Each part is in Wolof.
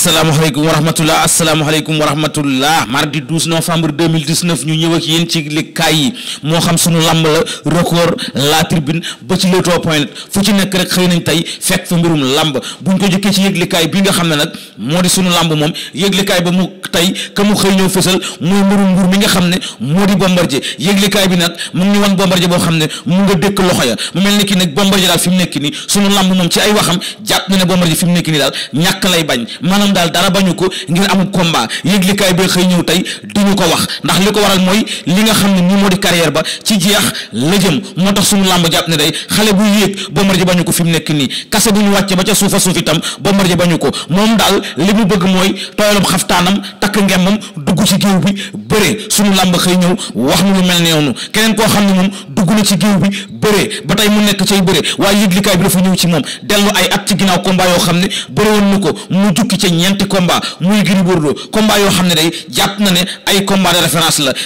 asalaamaaleykum wa rahmatullah asalaamaaleykum wa rahmatullah mardi 12 novembre 2019 ñu ñëw ak yéen ci likkaay yi moo xam sunu làmb la record la tribune ba ci leewtoo point fu ci nekk rek xëy nañ tey fekk fa mbirum làmb buñ ko jëkkee ci yëglikaay bi nga xam ne nag moo di sunu làmb moom yëglikaay ba mu tey ka mu xëy ñëw fësal muy mbirum mbur mi nga xam ne moo di bombardier yëglikaay bi nag mu ngi ñu wan bombardier boo xam ne mu nga dëkk loxo ya mu mel ni ki nag bombardier daal fi mu nekk nii sunu làmb moom ci ay waxam jàpp na ne bombardier fi mu nekk nii daal ñàkk lay bañ moom daal dara bañu ko ngir amul combat yëglikaay bi xëy ñëw tey duñu ko wax ndax li ko waral mooy li nga xam ne nii moo di carrière ba ci jeex la jëm moo tax suñu làmb jàpp ne day xale bu yéeg Bombardier bañu ko fi nekk nii kase bu ñu wàcce ba ca suufa suuf itam Bombardier bañu ko moom daal li mu bëgg mooy tooyalam xaftaanam takk ngemmam dugg ci géew bi bëre suñu làmb xëy ñëw wax nu mel ne noonu keneen koo xam ne moom dugg na ci géew bi bëree ba tey mu nekk cay bëree waaye yëglikaay bi dafa ñëw ci moom dellu ay at ci ginnaaw combat yoo xam ne bëri woon ko mu jukki ca ñeenti combat muy Gris Bordeaux combat yoo xam ne day na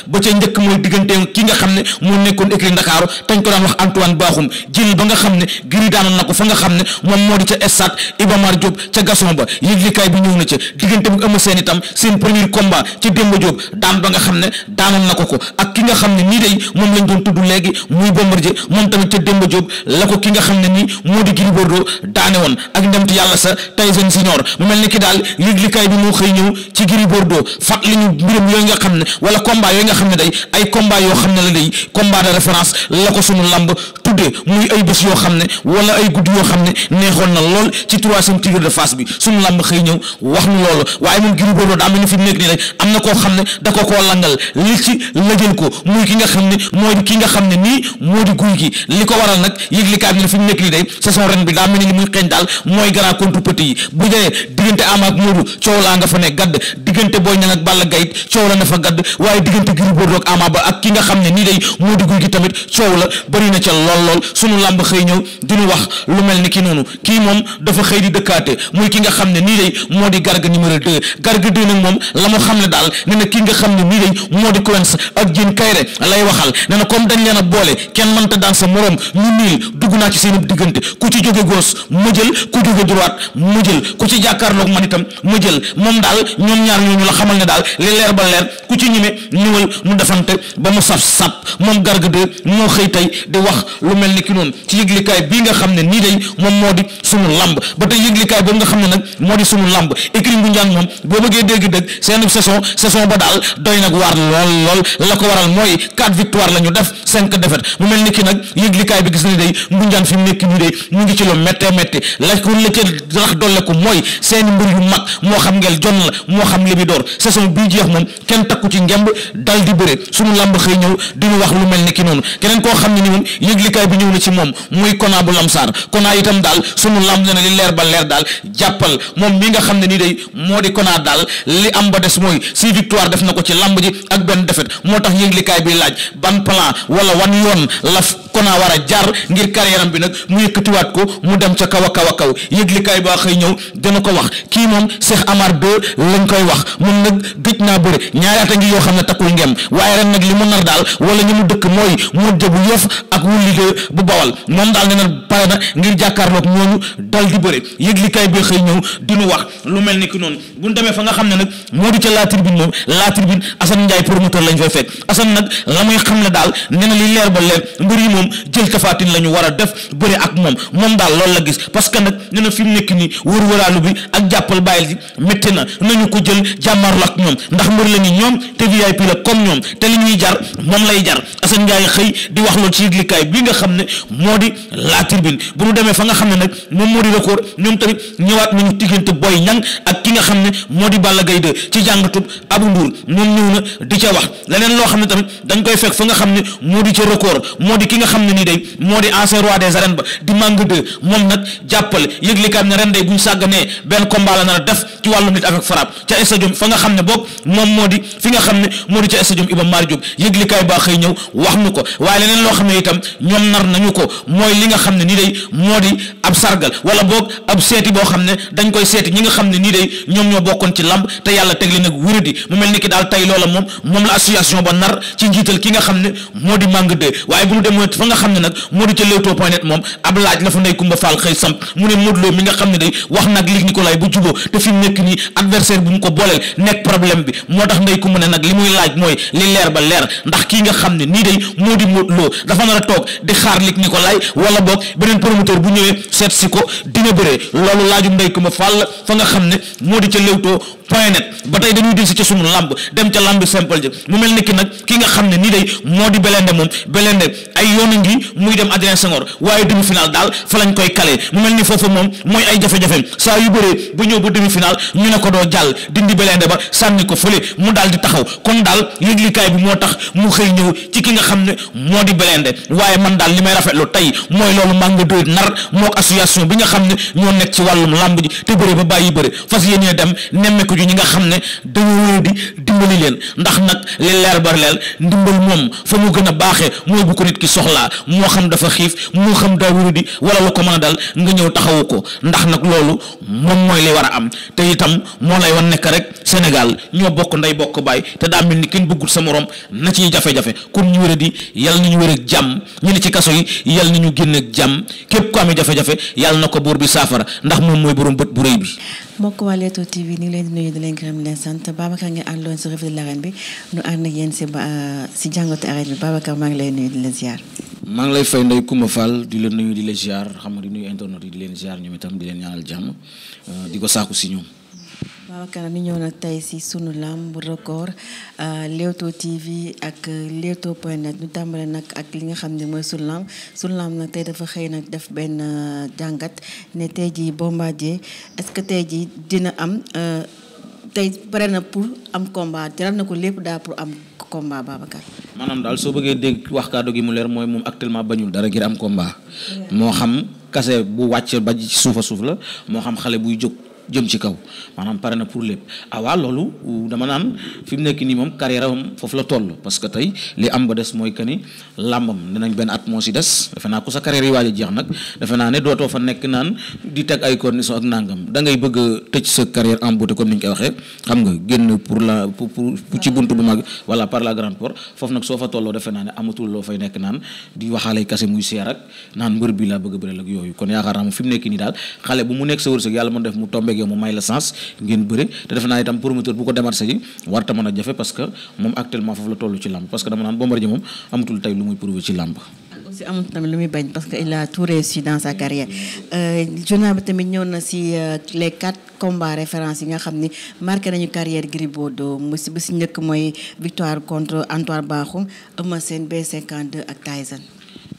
ba ca njëkk mooy ki nga xam ne moo nekkoon écrit Ndakaaru tañ ko daan wax Antoine Bakhoum jël ba nga xam ne Gris daanoon na ko fa nga xam ne moom moo di ca stade Iba Mar ca Gasson ba yëglikaay bi ñëw na ca diggante bu Eumeu Sène itam seen premier combat ca Demba Diop daan ba nga xam ne daanoon na ko ko ak ki nga xam ne nii day moom lañ doon tudd léegi muy Bombardier moom tamit ca Demba Diop la ko ki nga xam ne nii moo di Gris Bordeaux daane woon ak ndem ti yàlla sa Tyson Senior mu mel ni ki daal yëglikaay bi moo xëy ñëw ci Gris Bordeaux fat li ñu mbiram yooyu nga xam ne wala combat yooyu nga xam ne day ay combat yoo xam ne la day combat de référence la ko sunu lamb guddee muy ay bés yoo xam ne wala ay guddi yoo xam ne neexoon na lool ci troisième tigre de face bi suñu làmb xëy ñëw wax nu loolu waaye moom Gris Bordeaux daa mel ni fi nekk nii rek am na koo xam ne da ko koo langal li ci lëjal ko muy ki nga xam ne nii moo guy ki tamit coow la bari ca lool lool sunu làmb xëy ñëw di ñu wax lu mel ni kii noonu kii moom dafa xëy di dëkkaate muy ki nga xam ne nii day moo di garga numéro deux garga deux nag moom la mu xam ne daal ne na ki nga xam ne nii day moo di Quench ak Diène Kaïré lay waxal ne na comme dañ leen a boole kenn mënta daan sa morom ñu niil dugg naa ci seen diggante ku ci jóge gauche ma jël ku jóge droite ma jël ku ci jàkkaarloog man itam ma jël moom daal ñoom ñaar ñooñu la ne daal li leer ba leer ku ci ñime ñëwal mu defante ba mu saf sap moom garga deux moo xëy tey di wax lu mel ni ki noonu ci yëglikaay bii nga xam ne nii day moom moo di sunu lamb ba tey yëglikaay boobu nga xam ne nag moo di sunu lamb la ko waral mooy quatre victoire la ñu def mu ni ki nag yëglikaay bi gis na day bu njaan fi mu nekk mu ngi ci lu méttee métti la ko la ca rax dolle ko mooy moo xam ngel jon la moo bi door saison bii jeex ci ngemb dal di bëre sunu lamb xëy ñëw di ñu wax lu mel ni ki noonu keneen koo xam ne ni moom yëglikaay yéenekaay bi ñëw na ci moom muy konaa bu lamsaar konaa itam daal sunu lamb ne na li leer ba leer daal jàppal moom mi nga xam ne ni day moo di konaa daal li am ba des mooy si victoire def na ko ci lamb ji ak benn defet moo tax yéenekaay bi laaj ban plan wala wan yoon la konaa war a jaar ngir carrière am bi nag mu yëkkatiwaat ko mu dem ca kaw a kaw a kaw yëglikaay baa xëy ñëw dana ko wax kii moom Cheikh Amar Deux lañ koy wax moom nag gëj naa bëre ñaari at a ngi yoo xam ne takkul ngem waaye ren nag li mu nar daal wala ñu mu dëkk mooy mu jëbu yëf ak wulli de bu bawal moom daal ne na pare na ngir jàkkaarloog ñooñu dal di bëre yëglikaay bi xëy ñëw di wax lu mel ni ki noonu bu ñu fa nga xam ne nag moo di ca la tribune moom la tribune Assane Ndiaye la la ñu a def bëri ak moom moom mu nekk nii wër-wëraalu bi ak jàppal bàyyil ji la ni ñoom te VIP la comme ñoom te li ñuy jar moom lay jar Assane Ndiaye xëy di wax loolu ci yëglikaay bi nga xam ne moo di la tribune bu ñu demee fa nga xam ne nag moom moo di record ñoom tamit ñëwaat nañu diggante Boy Niang ak ki nga xam ne moo di Balla Gaye ci jàngatub Abou Ndour moom ñëw na di ca wax leneen loo xam ne tamit dañ koy fekk fa nga xam ne moo di ca record moo di ki nga xam ne nii day moo di ancien roi des arènes ba di Manga moom nag jàppale yëglikaat ne ren day bu ñu sàgganee benn combat la nar a def ci wàllu nit ak frappe ca fa nga xam ne boog moom moo di nga xam ne moo di ca stadium Iba Mar Diop yëglikaay baa xëy ñëw wax nu ko waaye leneen loo xam ne itam ñoom ñoom nar nañu ko mooy li nga xam ne nii day moo di ab sargal wala boog ab seeti boo xam ne dañ koy seeti ñi nga xam ne nii day ñoom ñoo bokkoon ci lamb te yàlla teg ni ki daal tey loola moom moom la association ba nar ci njiital ki nga xam ne moo di màng de waaye bu ñu demee fa nga xam ne nag moo di ca leewtoo point la xam ne day wax nag Luc Nicolaï bu juboo te fi mu nekk ko booleel bi moo tax ndey kumba ne nag li muy laaj mooy li leer ba leer ndax kii nga xam a toog di xaar lig ni ko lay wala boog beneen promoteur bu ñëwee seet si ko dina bëree loolu laajum ndey ko ma fàll fa nga xam ne moo di ca Leewtoo point net ba tey dañuy dil si ca sunu làmb dem ca làmb simple ji mu mel ni ki nag ki nga xam ne nii day moo di belende moom belende ay yoonu ngi muy dem Adrien Senghor waaye demi final daal fa lañ koy kale mu mel ni foofu moom mooy ay jafe-jafe saa yu bëree bu ñëw ba demi final ñu ne ko doo jàll dindi belende ba sànni ko fo fële mu daal di taxaw kon daal yëglikaay bi moo tax mu xëy ñëw ci ki nga xam ne moo di belende waaye man daal daal li may rafetlu tey mooy loolu Manga 2 nar mook association bi nga xam ne ñoo nekk ci wàllum làmb ji te bëre ba bàyyi bëre fas yéenee dem nemmeeku ji ñi nga xam ne dañoo di dimbali leen ndax nag li leer ba leer ndimbal moom fa mu gën a baaxee mooy bu ko nit ki soxlaa moo xam dafa xiif moo xam daa wéradi wala lu ko mën a dal nga ñëw taxawu ko ndax nag loolu moom mooy li war a am te itam moo lay wan nekk rek Sénégal ñoo bokk ndey bokk baay te daa mel ni kenn bëggul sa morom na ciy jafe-jafe kon kaso yi yal na ñu génn jàmm képp am amee jafe-jafe yal na ko boor bi saafara ndax moom mooy borom bët bu rëy bi. mbokk waa Leewtoo TV ñu ngi leen di nuyu di leen gërëm di leen sant Babacar ngeen àndoon si revue de l'arène bi ñu ànd ak yéen si ba si euh, jàngatu arène bi Babacar maa ngi lay nuyu di la ziar. maa ngi lay fay Ndeye Coumba Fall di la nuyu di la ziar xam nga di nuyu internet yi di leen ziar ñoom itam di leen ñaanal jàmm euh, di ko saaku si ñoom. Babacar mi ñëw nag tey si sunu làmb record euh, Leewtoo TV ak Leewtoo point net ñu tàmbali nag ak li nga xam ne mooy sunu làmb sunu làmb nag tey dafa xëy nag def benn euh, jàngat ne tey jii Bombardier est-ce que tey jii dina am euh, tey pare na pour am combat jaral na ko lépp daa pour am combat Babacar. maanaam daal soo bëggee dégg wax kàddu gi mu leer mooy moom actuellement bañul dara ngir am combat. moo xam kase bu wàcc ba ci suufa suuf la moo xam xale buy jóg. jëm ci kaw maanaam pare na pour lépp awaa ah, loolu dama naan fi nekk nii moom carrière am foofu la toll parce que tey li am ba des mooy que ni làmbam dinañ benn at moo defe naa ko sa carrière yi waaj a jeex nag naa ne dootoo fa nekk naan di teg ay conditions ak nangam da ngay bëgg a tëj sa carrière en beauté comme ni ñu koy waxee xam nga génn pour la pour ci bunt bu mag voilà par la grande porte foofu nag soo fa tolloo defe naa ne amatul loo fay nekk naan di waxaale kase muy seer ak naan mbër bi laa bëgg a bëri ak yooyu kon yaakaar naa fi mu nekk bëreeg yow mu may la sens ngeen bëre te defe naa itam promoteur bu ko démarché ji warta mën a jafe parce que moom actuellement foofu la toll ci làmb parce que dama naan Bombardier moom amatul tey lu muy prouver ci làmb aussi tamit lu muy bañ parce que euh, euh, yi nga xam ni marqué nañu carrière Gris Bordeaux bi si njëkk mooy victoire contre Antoine Bakhoum Eumeu Sène b ak Tyson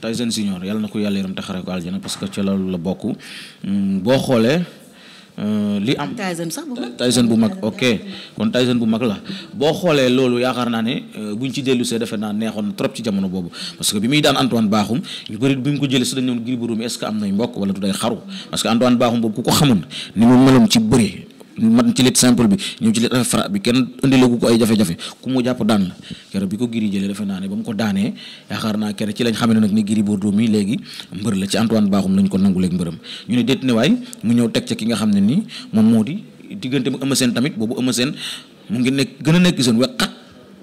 Tyson Senior yàlla na ko yàlla yërëm te ko aljana parce que ci loolu Euh, li am. Tyson sax bu mag bu mag ok kon Tyson bu mag la boo xoolee loolu yaakaar naa ne euh, buñ ci dellu see defe naa neexoon trop ci jamono boobu parce que bi muy daan Antoine Bakhoum ñu bëri bi ko jëlee si dañu doon Gris Bordeaux mi est am nañ mbokk wala du day xaru parce que Antoine Bakhoum boobu ku ko xamoon ni mu meloon ci bëri. man ci lit simple bi ñëw ci lit fra bi kenn indilagu ko ay jafe-jafe ku mu jàpp daan la kere bi ko giri jëlee defe naa ne ba mu ko daanee yaakaar naa kere ci lañ xamee nag ni giri Bordeaux mi léegi mbër la ci Antoine Bakhoum lañ ko nanguleeg mbërëm ñu ne déet ne waay mu ñëw teg ca ki nga xam ne nii moom moo di diggante mu Eumeu Sène tamit boobu Eumeu Sène mu ngi nekk gën a nekk seen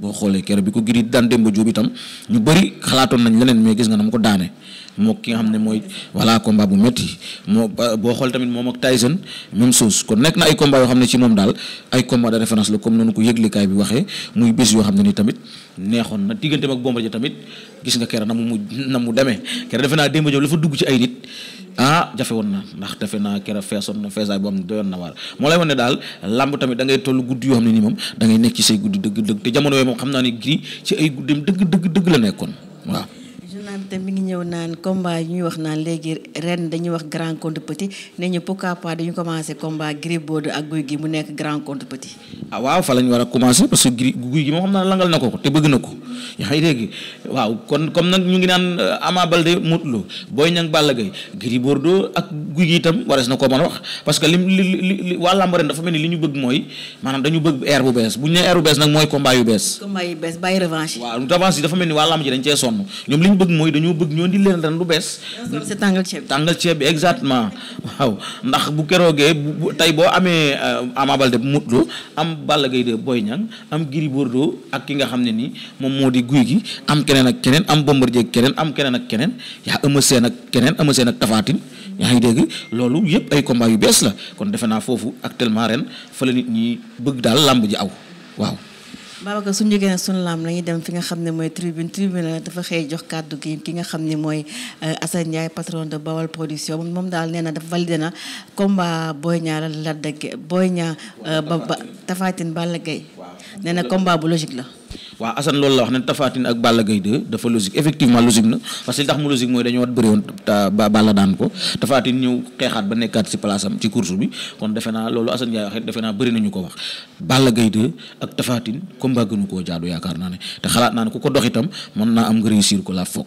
boo xoolee kere bi ko giri daan Demba Diop itam ñu bëri xalaatoon nañ leneen mais gis nga na mu ko daane moo ki nga xam ne mooy voilà combat bu métti moo boo xool tamit moom ak Tyson même chose kon nekk na ay combat yoo xam ne ci moom daal ay combat de référence la comme noonu ko yëglikaay bi waxee muy bés yoo xam ne ni tamit neexoon na digganteem ak Bombardier tamit gis nga kere na mu mu na mu deme kere defe naa Demba Diop la fa dugg ci ay nit ah jafe woon na ndax defe naa kera feesoon na feesaay boo xam ne doyoon na waar moo lay wan ne daal làmb tamit da ngay toll guddi yoo xam ne nii moom da ngay nekk ci say guddi dëgg dëgg te jamono yooyu moom xam naa ne Gris ci ay guddeem dëgg dëgg dëgg la nekkoon waaw ñëw naan combat yi ñuy wax naan léegi ren dañuy wax grand contre petit ne ñu pourquoi pas dañu commencé combat Gris Bordeaux ak Gouye Gui mu ah, a xam naa langal na ko te bëgg na ko yaa ngi dégg waaw kon comme nag ñu ngi naan euh, Ama Baldé Modou lu Boy Niang Balla Gaye Gris Bordeaux ak Gouye Gui itam warees na ko mën a wax parce que lim li li li waa làmb ren dafa mel ni li ñu bëgg mooy maanaam dañu bëgg air bu bees bu ñu nee air bu bees nag mooy combat yu bees. combat yu bees bàyyi revanche. ñoo di leen ren lu bees. tàngal ceeb bi tàngal ceeb bi exactement waaw ndax bu keroogee bu tey boo amee euh, Ama Baldé bu Lô am Balla Gaye de Boy Niang am Gris Bordeaux ak ki nga xam ne ni moom moo di guy gi am keneen ak keneen am Bombardier keneen am keneen ak keneen yaa Eumeu Sène ak keneen Eumeu seen ak Tapha Tine yaa ngi dégg loolu yëpp ay combat yu bees la kon defe naa foofu actuellement ren fa la nit ñi bëgg daal làmb ji aw waaw. Babacar suñu su suñu laam lañuy dem fi nga xam ne mooy tribune tribune la dafa xëy jox kàddu gi ki nga xam ni mooy euh, Assane Ndiaye patron de Bawal production moom daal nee na dafa validé na combat Boy Niang Lac de Guiers Boy Niang euh, ba Tapha Tine Balla Gaye nee na combat bu logique la waaw Assane loolu la wax ne Tapha Tine ak Balla Gaye 2 dafa logique effectivement logique na parce que li tax mu logique mooy dañoo wat bëri woon Balla daan ko Tapha Tine ñëw xeexaat ba nekkaat ci place am ci course bi kon defe naa loolu Assane Ndiaye waxee defe naa bëri nañu ko wax Balla Gaye 2 ak Tapha Tine combat gënu koo jaadu yaakaar naa ne te xalaat naa ne ku ko dox itam mën naa am nga réussir ko la foog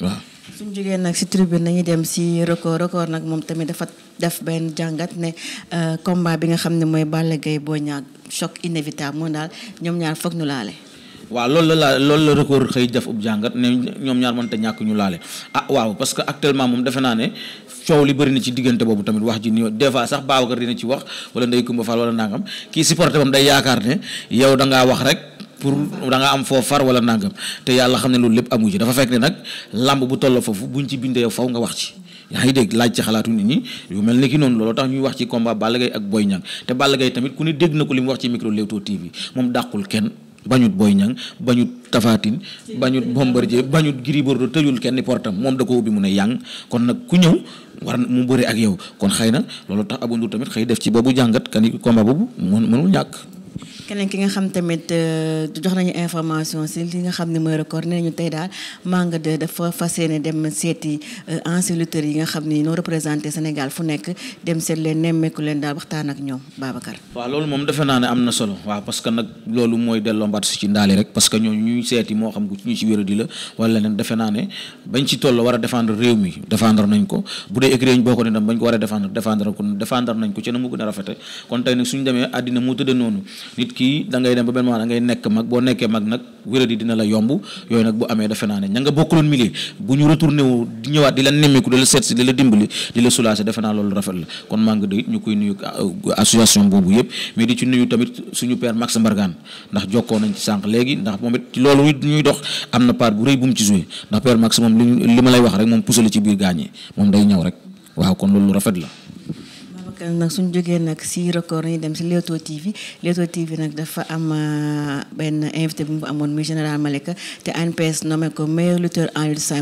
waaw suñ jógee nag si tribune nañu dem si record record nag moom tamit dafa def benn jàngat ne euh, combat bi nga xam ne mooy Balla Gaye Boy Niang choc inévitable moom daal ñoom ñaar foog ñu laale waaw loolu la laa loolu la record xëy def ub jàngat ne ñoom ñaar mënta ñàkk ñu laale ah waaw parce que actuellement moom defe naa ne coow li bëri na ci diggante boobu tamit wax ji ni des fois sax Babacar dina ci wax wala Ndeye Coumba Fall wala nangam kii supporté bam day yaakaar yow da ngaa wax rek pour da ngaa am foo far wala nangam te yàlla xam ne loolu lépp amu ci dafa fekk ne nag lamb bu toll foofu buñ ci bindee yow faw nga wax ci yaa ngi dégg laaj ci xalaatu nit ñi yu mel ni ki noonu looloo tax ñuy wax ci combat Balla Gaye ak Boy Niang te Balla Gaye tamit ku ne dégg na ko li mu wax ci micro Leewtoo TV moom dàqul kenn bañut Boy Niang bañut tafaatin Tine bañut Bombardier bañut Gris Bordeaux tëjul kenn portam moom da ko ubbi mu ne yang kon nag ku ñëw war mu bëri ak yow kon xëy na loolu tax Abou Ndour tamit xëy def ci boobu jàngat kani combat boobu mënul ñàkk keneen ki nga xam tamit euh, jox nañu information si li nga xam ne mooy record nee nañu tey daal Manga 2 dafa fas yéene dem seeti anciens euh, lutteurs yi nga xam ni ñoo représenté Sénégal fu nekk dem seet leen nemmeeku leen daal waxtaan ak ñoom Babacar. waaw loolu moom defe naa am na solo waaw parce que nag loolu mooy delloo mbaat si ci ndaali rek parce que ñoo ñuy moo xam ku ñu ne bañ ci toll war a défendre réew mi défendre nañ ko bu dee écréñ boo ko ne dem bañ ko war a défendre défendre ko défendre nañ ko ci na mu gën a rafete kon tey nag suñu demee àddina mu tëdd noonu nit kii ki dem ba benn moment da ngay nekk mag boo nekkee mag nag wéradi dina la yomb yooyu nag bu amee defe naa ne ña nga bokkaloon milieu bu ñu retourné wu di ñëwaat di la nemmeeku di la seet si di la dimbali di la soulager defe loolu rafet la kon màng ngi doy ñu koy nuyu euh, association boobu yëpp mais di ci nuyu tamit suñu père Max Mbargane ndax jokkoo nañ ci sànq léegi ndax moom it loolu ñuy dox am na part bu rëy bu mu ci joué ndax père Max moom li li ma lay wax rek moom pusale ci biir gaañee moom day ñëw rek waaw kon loolu rafet la donc nag suñ jógee nag si record yi dem si Leewtoo TV Leewtoo TV nag dafa am euh, benn invité bu mu amoon muy général Malika te ANPS nommé ko ma lutteur en lutte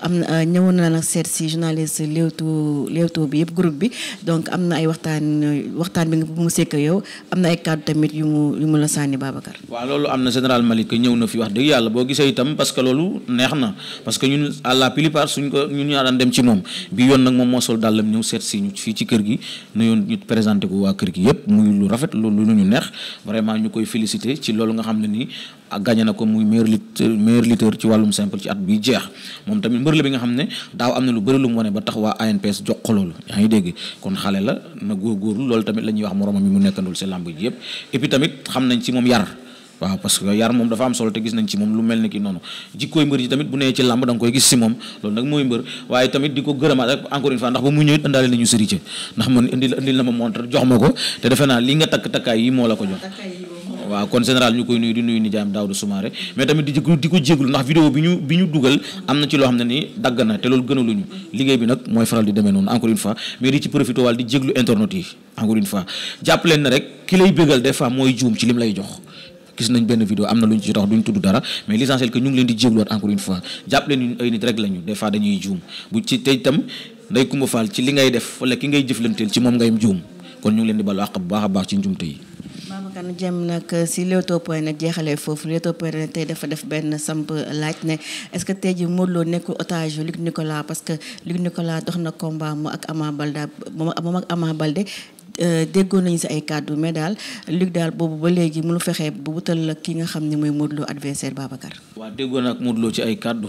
am na euh, ñëwoon na nag seet si journaliste Leewtoo Leewtoo bi yëpp groupe bi donc am na ay waxtaan waxtaan bi nga mu sekk yow am na ay kàddu yu mu yu mu la sànni Babacar. waaw loolu am na général Malika ñëw na fi wax dëgg yàlla boo gisee itam parce que loolu neex na parce que ñun à la plupart suñ ko ñun ñaa daan dem ci moom bi yoon nag moom moo sol dàllam ñëw seet si ñu fii ci kër gi. nuyoon ñu présenté ko waa kër gi yëpp muy lu rafet lu lu ñu neex vraiment ñu koy félicité ci loolu nga xam ne nii gagné na ko muy meilleur lutteur meilleur lutteur ci wàllum simple ci at bi jeex moom tamit mbër la bi nga xam ne daaw am na lu bëri lum wane ba tax waa ANPS jox loolu yaa ngi dégg kon xale la na góorgóorlu loolu tamit la ñuy wax moromam yi mu nekkandul ci làmb ji yëpp et tamit xam nañ ci moom yar waaw parce que yar moom dafa am solo te gis nañ ci moom lu mel ni ki noonu jikkooy mbër ji tamit bu nee ci làmb da nga koy gis si moom loolu nag mooy mbër waaye tamit di ko gërëmaat rek encore une fois ndax ba mu ñëwit indaale nañu sëriñ ndax man indil na ma montre jox ma ko te defe ko jox waaw kon général ñu koy nuyu di nuyu nijaayam Daouda Soumaré mais tamit di ko di ko jéglu ndax vidéo bi ñu bi ci loo xam nag mooy faral di demee noonu encore une fois mais di ci profité wàll di internet yi encore une fois jàpp leen na rek ki lay bégal des fois mooy juum ci lim lay jox gis nañ benn vidéo am na lu ñu ci dox duñ tudd dara mais l'essentiel que ñu ngi leen di jégluwaat encore une fois jàpp leen ay nit rek lañu des fois dañuy juum bu ci tey li ngay def wala ki ngay jëflanteel ci moom ngay juum kon ñu ngi leen di balu àq bu baax a baax ci njumte yi Babacar Diém nag si Leewtoo point net foofu Leewtoo point tey dafa def benn samp laaj ne est-ce que tey ji loo Lo nekkul otage yu Luc Nicolas parce que dox na combat mu ak Ama Baldé moom ak Ama Baldé Euh, déggoon nañu si ay kàddu mais daal Luc daal boobu ba léegi mënu fexe bu wutal ki nga xam ne mooy Modou adversaire Babacar. waaw déggoon ak moom ci ay kàddu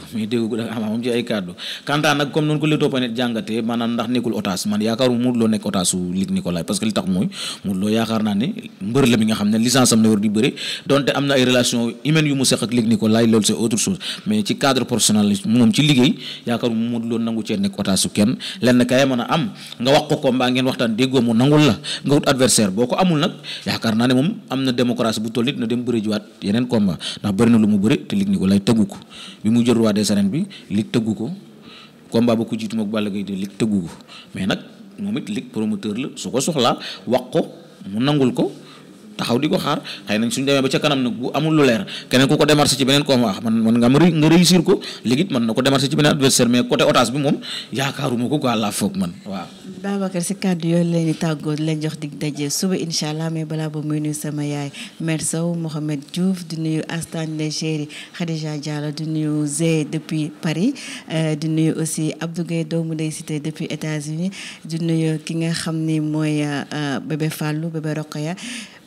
kantaan nag comme noonu la moom ci liggéey yaakaaru Modou Lo nangu cee nekk otage kenn lenn kay mën a am nga wax ko ko mbaa ngeen waxtaan déggoo mu nangul la nga wut adversaire boo ko amul nag yaakaar naa ne moom am na démocratie bu toll nit na dem bëri juwaat yeneen combat ndax bëri na lu mu bëri te Luc Nicolaï tëggu ko bi mu jël roi des arènes bi Luc tëggu ko comba ba ko jiitu mook Balla Gaye de Luc tëggu ko mais nag moom it Luc promoteur la su ko soxlaa wax ko mu nangul ko taxaw di ko xaar xëy nañ suñ demee ba ca kanam nag bu amul lu leer keneen ku ko démarché ci beneen combat man man nga ma nga réussir ko léegi it man na ko démarché ci beneen adversaire mais côté otage bi moom yaakaaruma ko quoi laa foog man waaw Babacar si kàddu yooyu leen di tàggoo leen jox dig daje suba incha mais balaa ba muy nuyu sama yaay Mère Sow Mohamed Diouf di nuyu Astane les chéri Khadija Diallo di nuyu Zé depuis Paris euh, di nuyu aussi Abdou Gueye doomu day cité depuis di nuyu ki nga xam ni mooy euh, bébé Fallou bébé Rokhaya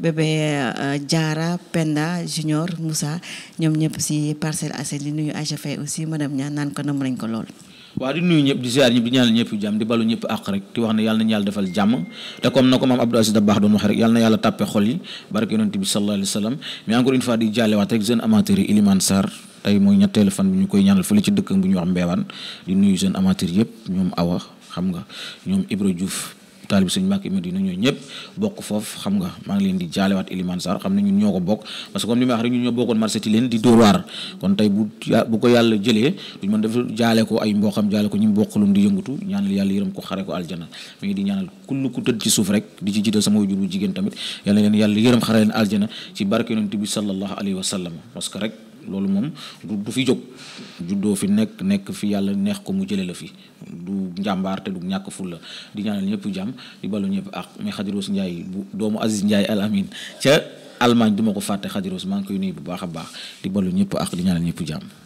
bébé euh, Diarra Penda Junior Moussa ñoom ñëpp si Parcelles Assainies li nuyu Aïcha Faye aussi madame ñaan naan ko nam nañ ko lool. waaw di nuyu ñëpp di ziar ñëpp di ñaanal ñëpp wax ne yàlla nañu yàlla defal jàmm te comme na ko maam Abdou Aziz Dabakh doon wax rek yàlla na yàlla tàppe xol yi barke yonent bi sallallahu alayhi wa sallam mais encore une fois di jàllewaat rek jeune amateur yi Ilimane Sarr tey mooy ñetteelu fan bi ñu koy ñaanal fële ci dëkk bu ñuy wax Mbewaan di nuyu jeune amateur yëpp ñoom Awa xam nga ñoom Ibra Diouf taalibe sëñ Mbàkke Madina ñooñu ñëpp bokk foofu xam nga maa ngi leen di jaalewaat Elimane Sarr xam ne ñun ñoo ko bokk parce que comme li ma wax ñun ñoo bokkoon marché leen di dóor kon tey bu bu ko yàlla jëlee duñ mën def jaale ko ay mboxam jaale ko ñu mbokkalum di yëngutu ñaanal yàlla yërëm ko xare ko aljana mi ngi di ñaanal kull ku tëdd ci suuf rek di ci jiital sama wajur bu jigéen tamit yàlla leen yàlla yërëm xare leen aljana ci barke yonent wa sallam parce loolu moom du du fi jóg juddoo fi nekk nekk fi yàlla neex ko mu jëlee la fi du njàmbaar te du ñàkk fulla di ñaanal ñëpp jàmm di balu ñëpp ak mais Khadiros Ndiaye bu doomu Aziz Ndiaye al amin ca Allemagne du ma ko fàtte Khadiros maa ngi koy nuyu bu baax a baax di balu ñëpp ak di ñaanal ñëpp jàmm